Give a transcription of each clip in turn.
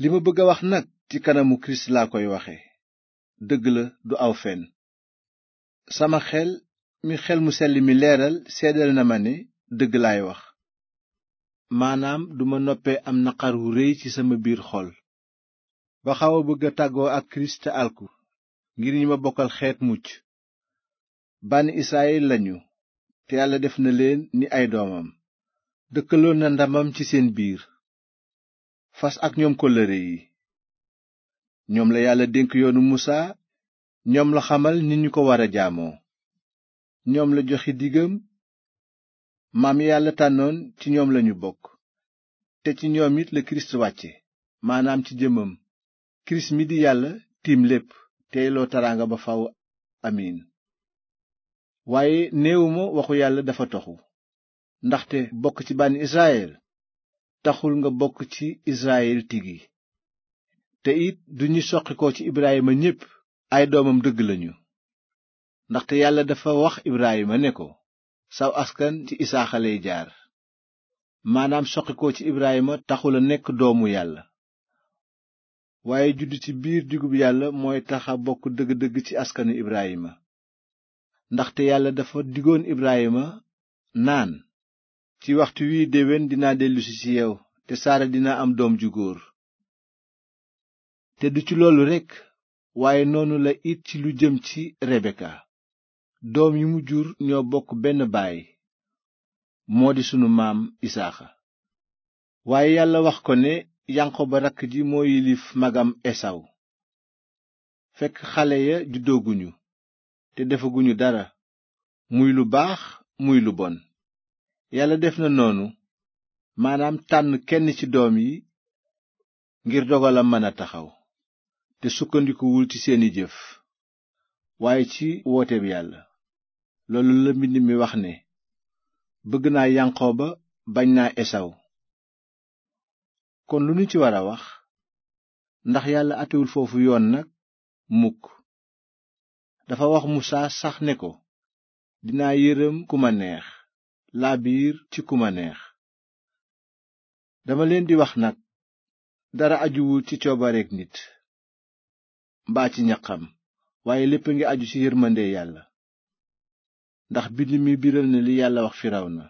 li ma bëgg wax nag ci kanamu kirist laa koy waxe dëgg la du aw fen sama xel mi xel mu sell mi leeral seedal na ma ne dëgg laay wax maanaam duma noppee am naqar wu rëy ci sama biir xol ba xaw a bëgg a tàggoo ak kirist te alku ngir ñi ma bokkal xeet mucc bànni israyil lañu te yàlla def na leen ni ay doomam dëkkaloon na ndamam ci seen biir fas ak ñoom kóllëre yi ñoom la yàlla dénk yoonu musaa ñoom la xamal ni ñu ko war a jaamoo ñoom la joxe diggam maam yàlla tànnoon ci ñoom lañu bokk te ci ñoom it la kirist wàcce maanaam ci jëmmam kirist mi di yàlla tiim lépp teyloo taraanga ba faw amiin waaye néewuma waxu yàlla dafa toxu ndaxte bokk ci bànni israyel taxul nga bokk ci israyil tigi te it duñu soqikoo ci ibraayima ñépp ay doomam dëgg lañu ndaxte yàlla dafa wax ibraayima ne ko saw askan ci isaaxa jaar maanaam soqikoo ci ibraayima taxul a nekk doomu yàlla waaye judd ci biir digub yàlla mooy taxa bokk dëgg-dëgg ci askanu ibraayima ndaxte yàlla dafa digoon ibraayima naan ci waxtu wii déwén dina dellusi ci yow te saara dina am doom ju góor te du ci loolu rekk waaye noonu la it ci lu jëm ci rebeka doom yi mu jur ñoo bokk benn baay moo di sunu maam isaaxa waaye yàlla wax ko ne yanqoba rakk ji moo yilif magam esaw fekk xale ya juddooguñu te defaguñu dara muy lu baax muy lu bon yàlla def na noonu maanaam tànn kenn ci doom yi ngir dogalam mën a taxaw te sukkandikuwul ci seeni jëf waaye ci wooteeb yàlla loolu la mbind mi wax ne bëgg naa ba bañ naa esaw kon lu nu ci war a wax ndax yàlla atewul foofu yoon nag mukk dafa wax musaa sax ne ko dinaa yërëm ku ma neex laabiir ci ku dama leen di wax nag dara ajuwul ci coobareek nit mbaa ci ñaqam waaye lépp a ngi aju ci yërmande yàlla ndax bind mi biral na li yàlla wax na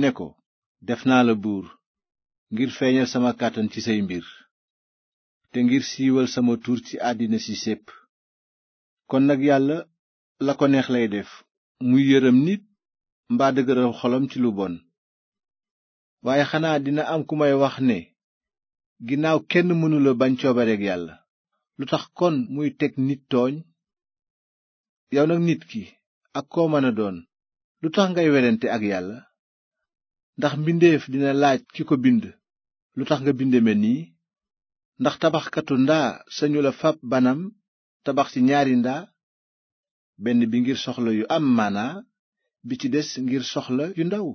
ne ko def naa la buur ngir feeñal sama kàttan ci say mbir te ngir siiwal sama tur ci àddina si sépp kon nag yàlla la ko neex lay def muy yërëm nit mbaa dëgëral xolam ci lu bon waaye xanaa dina am ku may wax ne ginnaaw kenn mënula bañ coobareeg yàlla lu tax kon muy teg nit tooñ yow nag nit ki ak koo mën a doon lu tax ngay werante ak yàlla ndax mbindeef dina laaj ki ko bind lu tax nga binde ma nii ndax tabaxkatu ndaa sañu la fab banam tabax ci ñaari ndaa benn bi ngir soxla yu am maanaa bi ci des ngir soxla yu ndaw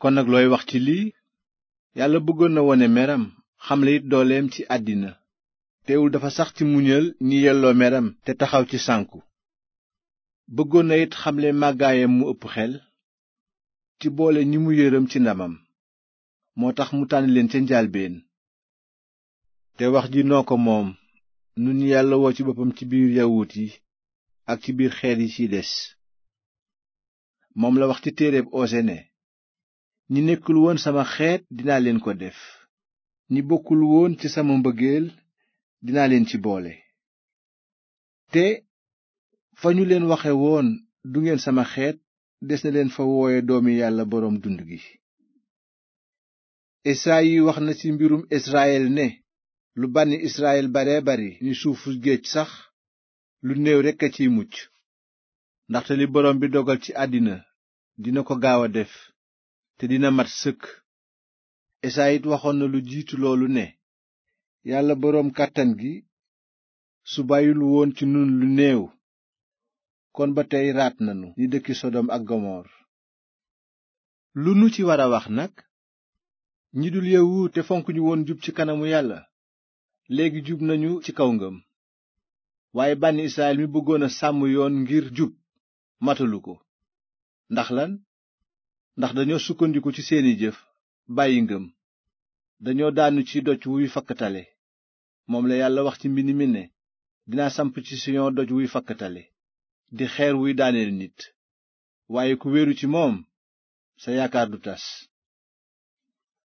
kon nag looy wax ci lii yàlla bëggoon na wone meram xamle it dooleem ci àddina teewul dafa sax ci muñal ñi yelloo meram te taxaw ci sànku bëggoon na it xamle màggaayam mu ëpp xel ci boole ñi mu yërëm ci ndamam moo tax mu tànn leen ca njaalbeen te wax ji noo ko moom nun yàlla woo ci boppam ci biir yawut yi ak ci biir xeet yi ci des moom la wax ci téereb ose ne ñi nekkul woon sama xeet dinaa leen ko def ñi bokkul woon ci sama mbëggeel dinaa leen ci boole te fa ñu leen waxe woon du ngeen sama xeet des na leen fa wooye doomi yàlla boroom dund gi esaayi wax na ci mbirum israel ne lu bànni israel bare bari ni suufu géej sax lu néew rekk a ciy mucc ndaxte li boroom bi dogal ci àddina dina ko gaaw a def te dina mat sëkk esaay waxoon na lu jiitu loolu ne yàlla boroom kàttan gi su bàyyil woon ci nun lu néew kon ba tey raat nanu ñi dëkki sodom ak gomor lu nu ci war a wax nag ñi dul yawut te fonk ñu woon jub ci kanamu yàlla léegi jub nañu ci kaw ngëm waaye bànni israel mi bëggoon sàmm yoon ngir jub matalu ko ndax lan ndax dañoo sukkandiku ci seeni jëf bàyyi ngëm dañoo daanu ci doj wuy fakkatale moom la yàlla wax ci mbind mi ne dinaa samp ci siyon doj wuy fakkatale di xeer wuy daaneel nit waaye ku wéeru ci moom sa yaakaar du tas